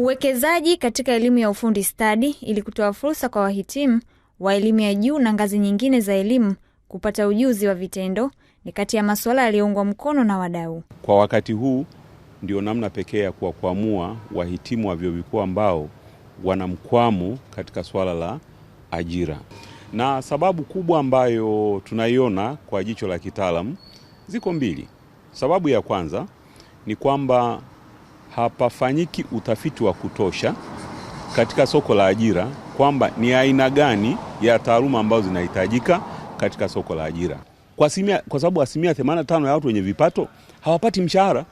Uwekezaji katika elimu ya ufundi stadi ili kutoa fursa kwa wahitimu wa elimu ya juu na ngazi nyingine za elimu kupata ujuzi wa vitendo ni kati ya masuala yaliyoungwa mkono na wadau. Kwa wakati huu ndio namna pekee ya kuwakwamua wahitimu wa vyuo vikuu ambao wana mkwamo katika swala la ajira, na sababu kubwa ambayo tunaiona kwa jicho la kitaalamu ziko mbili. Sababu ya kwanza ni kwamba hapafanyiki utafiti wa kutosha katika soko la ajira kwamba ni aina gani ya taaluma ambazo zinahitajika katika soko la ajira, kwa, kwa sababu asilimia 85 ya watu wenye vipato hawapati mshahara.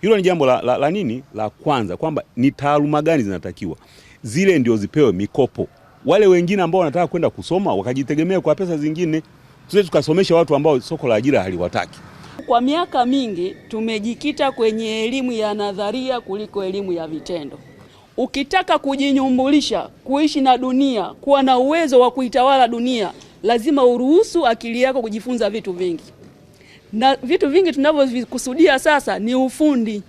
Hilo ni jambo la, la, la nini la kwanza, kwamba ni taaluma gani zinatakiwa, zile ndio zipewe mikopo. Wale wengine ambao wanataka kwenda kusoma wakajitegemea kwa pesa zingine, tusije tukasomesha watu ambao soko la ajira haliwataki kwa miaka mingi tumejikita kwenye elimu ya nadharia kuliko elimu ya vitendo. Ukitaka kujinyumbulisha, kuishi na dunia, kuwa na uwezo wa kuitawala dunia, lazima uruhusu akili yako kujifunza vitu vingi, na vitu vingi tunavyokusudia sasa ni ufundi,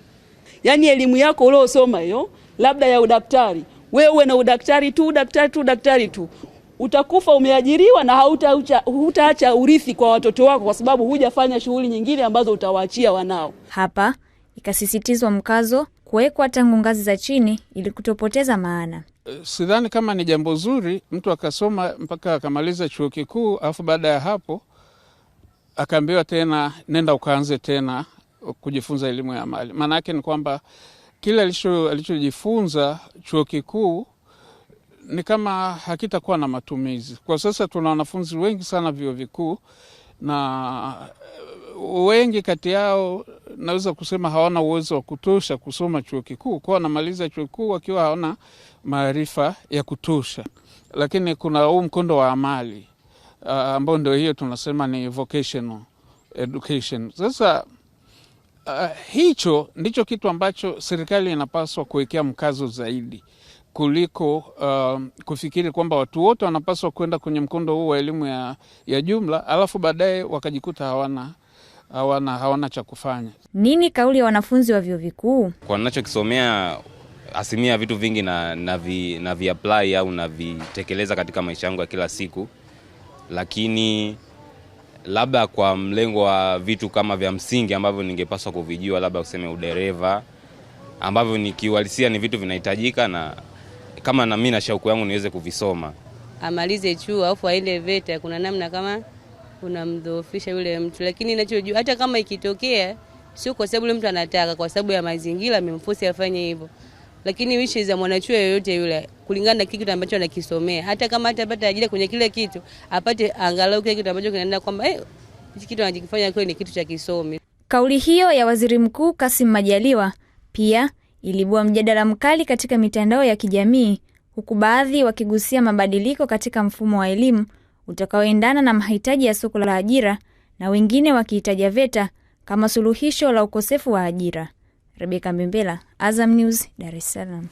yaani elimu yako uliosoma hiyo, labda ya udaktari, wewe uwe na udaktari tu, udaktari tu, udaktari tu utakufa umeajiriwa na hutaacha urithi kwa watoto wako, kwa sababu hujafanya shughuli nyingine ambazo utawaachia wanao. Hapa ikasisitizwa mkazo kuwekwa tangu ngazi za chini ili kutopoteza maana. Eh, sidhani kama ni jambo zuri mtu akasoma mpaka akamaliza chuo kikuu, alafu baada ya hapo akaambiwa tena nenda ukaanze tena kujifunza elimu ya mali. Maana yake ni kwamba kile alichojifunza chuo kikuu ni kama hakitakuwa na matumizi. Kwa sasa tuna wanafunzi wengi sana vyuo vikuu na uh, wengi kati yao naweza kusema hawana uwezo wa kutosha kusoma chuo kikuu, kwa wanamaliza chuo kikuu wakiwa hawana maarifa ya kutosha. Lakini kuna huu mkondo wa amali uh, ambao ndo ndio hiyo tunasema ni vocational education. Sasa uh, hicho ndicho kitu ambacho serikali inapaswa kuwekea mkazo zaidi kuliko uh, kufikiri kwamba watu wote wanapaswa kwenda kwenye mkondo huu wa elimu ya, ya jumla alafu baadaye wakajikuta hawana hawana hawana cha kufanya. Nini kauli ya wanafunzi wa vyuo vikuu kwa nachokisomea? Asilimia ya vitu vingi na, na, vi, na vi apply au navitekeleza katika maisha yangu ya kila siku, lakini labda kwa mlengo wa vitu kama vya msingi ambavyo ningepaswa kuvijua, labda useme udereva, ambavyo nikiuhalisia ni vitu vinahitajika na kama na mimi na shauku yangu niweze kuvisoma. Amalize chuo afu aende VETA, kuna namna kama unamdhoofisha yule mtu, lakini ninachojua hata kama ikitokea sio kwa sababu yule mtu anataka, kwa sababu ya mazingira amemforce afanye hivyo, lakini wishi za mwanachuo yoyote yule, kulingana na kitu ambacho anakisomea, hata kama atapata ajira kwenye kile kitu, apate angalau kile kitu ambacho kinaenda kwamba eh, hichi kitu anachokifanya kweli ni kitu cha kisomi. Kauli hiyo ya Waziri Mkuu Kassim Majaliwa pia ilibua mjadala mkali katika mitandao ya kijamii, huku baadhi wakigusia mabadiliko katika mfumo wa elimu utakaoendana na mahitaji ya soko la ajira na wengine wakiitaja VETA kama suluhisho la ukosefu wa ajira. Rebeka Mbembela, Azam News, Dar es Salaam.